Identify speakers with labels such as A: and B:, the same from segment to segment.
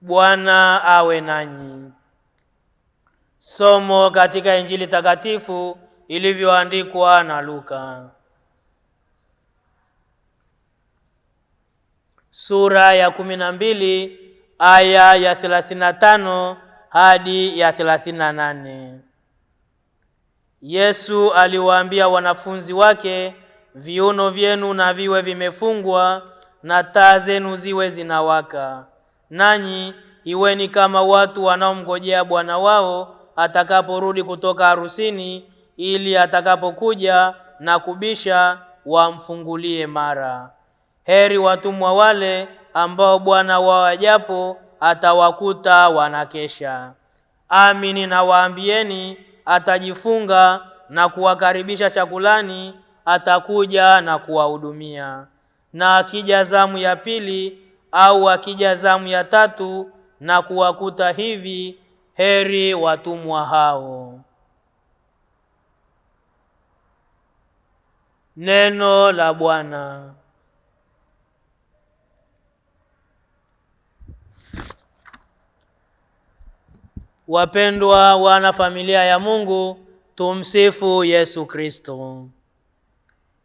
A: Bwana awe nanyi. Somo katika Injili takatifu ilivyoandikwa na Luka. Sura ya kumi na mbili aya ya thelathini na tano hadi ya thelathini na nane. Yesu aliwaambia wanafunzi wake, viuno vyenu na viwe vimefungwa na taa zenu ziwe zinawaka nanyi iweni kama watu wanaomgojea bwana wao atakaporudi kutoka harusini, ili atakapokuja na kubisha wamfungulie mara. Heri watumwa wale ambao bwana wao ajapo atawakuta wanakesha. Amini nawaambieni, atajifunga na kuwakaribisha chakulani, atakuja na kuwahudumia. Na akija zamu ya pili au akija zamu ya tatu na kuwakuta hivi, heri watumwa hao. Neno la Bwana. Wapendwa wana familia ya Mungu, tumsifu Yesu Kristo.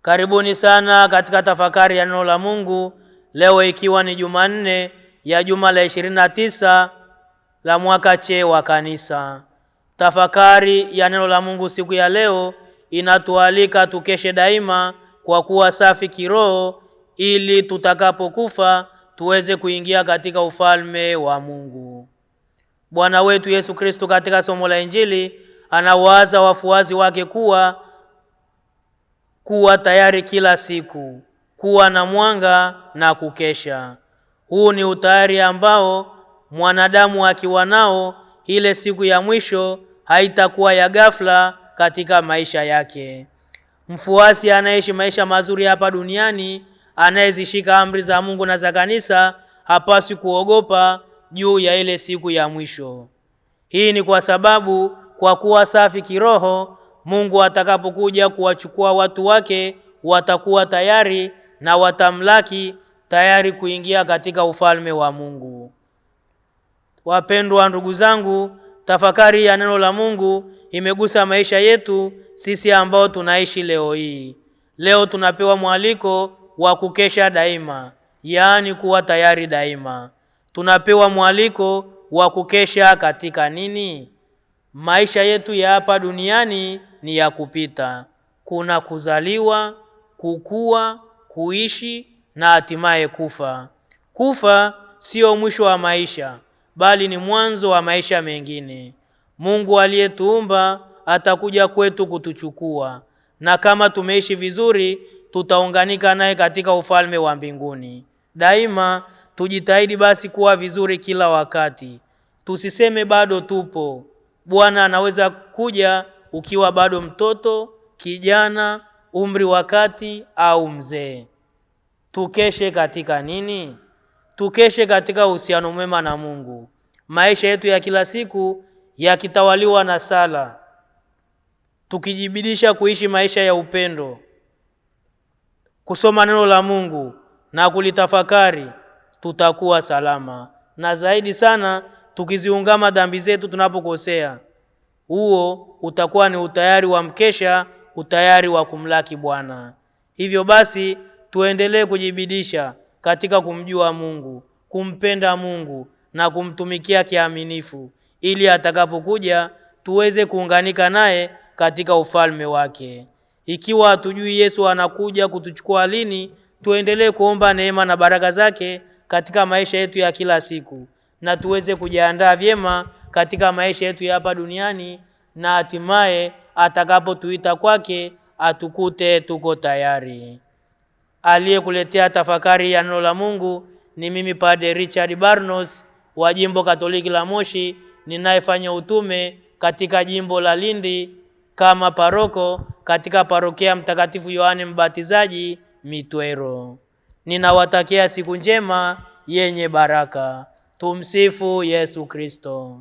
A: Karibuni sana katika tafakari ya neno la Mungu. Leo ikiwa ni Jumanne ya juma la ishirini na tisa la mwaka C wa Kanisa. Tafakari ya neno la Mungu siku ya leo inatualika tukeshe daima kwa kuwa safi kiroho, ili tutakapokufa tuweze kuingia katika ufalme wa Mungu. Bwana wetu Yesu Kristo katika somo la Injili anawaza wafuazi wake kuwa kuwa tayari kila siku kuwa na mwanga na kukesha. Huu ni utayari ambao mwanadamu akiwa nao, ile siku ya mwisho haitakuwa ya ghafla katika maisha yake. Mfuasi anayeishi maisha mazuri hapa duniani, anayezishika amri za Mungu na za kanisa, hapaswi kuogopa juu ya ile siku ya mwisho. Hii ni kwa sababu, kwa kuwa safi kiroho, Mungu atakapokuja kuwachukua watu wake watakuwa tayari na watamlaki tayari kuingia katika ufalme wa Mungu. Wapendwa ndugu zangu, tafakari ya neno la Mungu imegusa maisha yetu sisi ambao tunaishi leo hii. Leo tunapewa mwaliko wa kukesha daima, yaani kuwa tayari daima. Tunapewa mwaliko wa kukesha katika nini? Maisha yetu ya hapa duniani ni ya kupita. Kuna kuzaliwa, kukua kuishi na hatimaye kufa. Kufa sio mwisho wa maisha, bali ni mwanzo wa maisha mengine. Mungu aliyetuumba atakuja kwetu kutuchukua, na kama tumeishi vizuri, tutaunganika naye katika ufalme wa mbinguni. Daima tujitahidi basi kuwa vizuri kila wakati, tusiseme bado tupo. Bwana anaweza kuja ukiwa bado mtoto, kijana umri wa kati au mzee. Tukeshe katika nini? Tukeshe katika uhusiano mwema na Mungu. Maisha yetu ya kila siku yakitawaliwa na sala, tukijibidisha kuishi maisha ya upendo, kusoma neno la Mungu na kulitafakari, tutakuwa salama, na zaidi sana tukiziungama dhambi zetu tunapokosea. Huo utakuwa ni utayari wa mkesha utayari wa kumlaki Bwana. Hivyo basi tuendelee kujibidisha katika kumjua Mungu, kumpenda Mungu na kumtumikia kiaminifu, ili atakapokuja tuweze kuunganika naye katika ufalme wake. Ikiwa hatujui Yesu anakuja kutuchukua lini, tuendelee kuomba neema na baraka zake katika maisha yetu ya kila siku, na tuweze kujiandaa vyema katika maisha yetu ya hapa duniani na hatimaye atakapotuita kwake atukute tuko tayari. Aliyekuletea tafakari ya neno la Mungu ni mimi Padre Richard Barnos wa Jimbo Katoliki la Moshi ninayefanya utume katika jimbo la Lindi kama paroko katika parokia Mtakatifu Yohane Mbatizaji Mitwero. Ninawatakia siku njema yenye baraka. Tumsifu Yesu Kristo.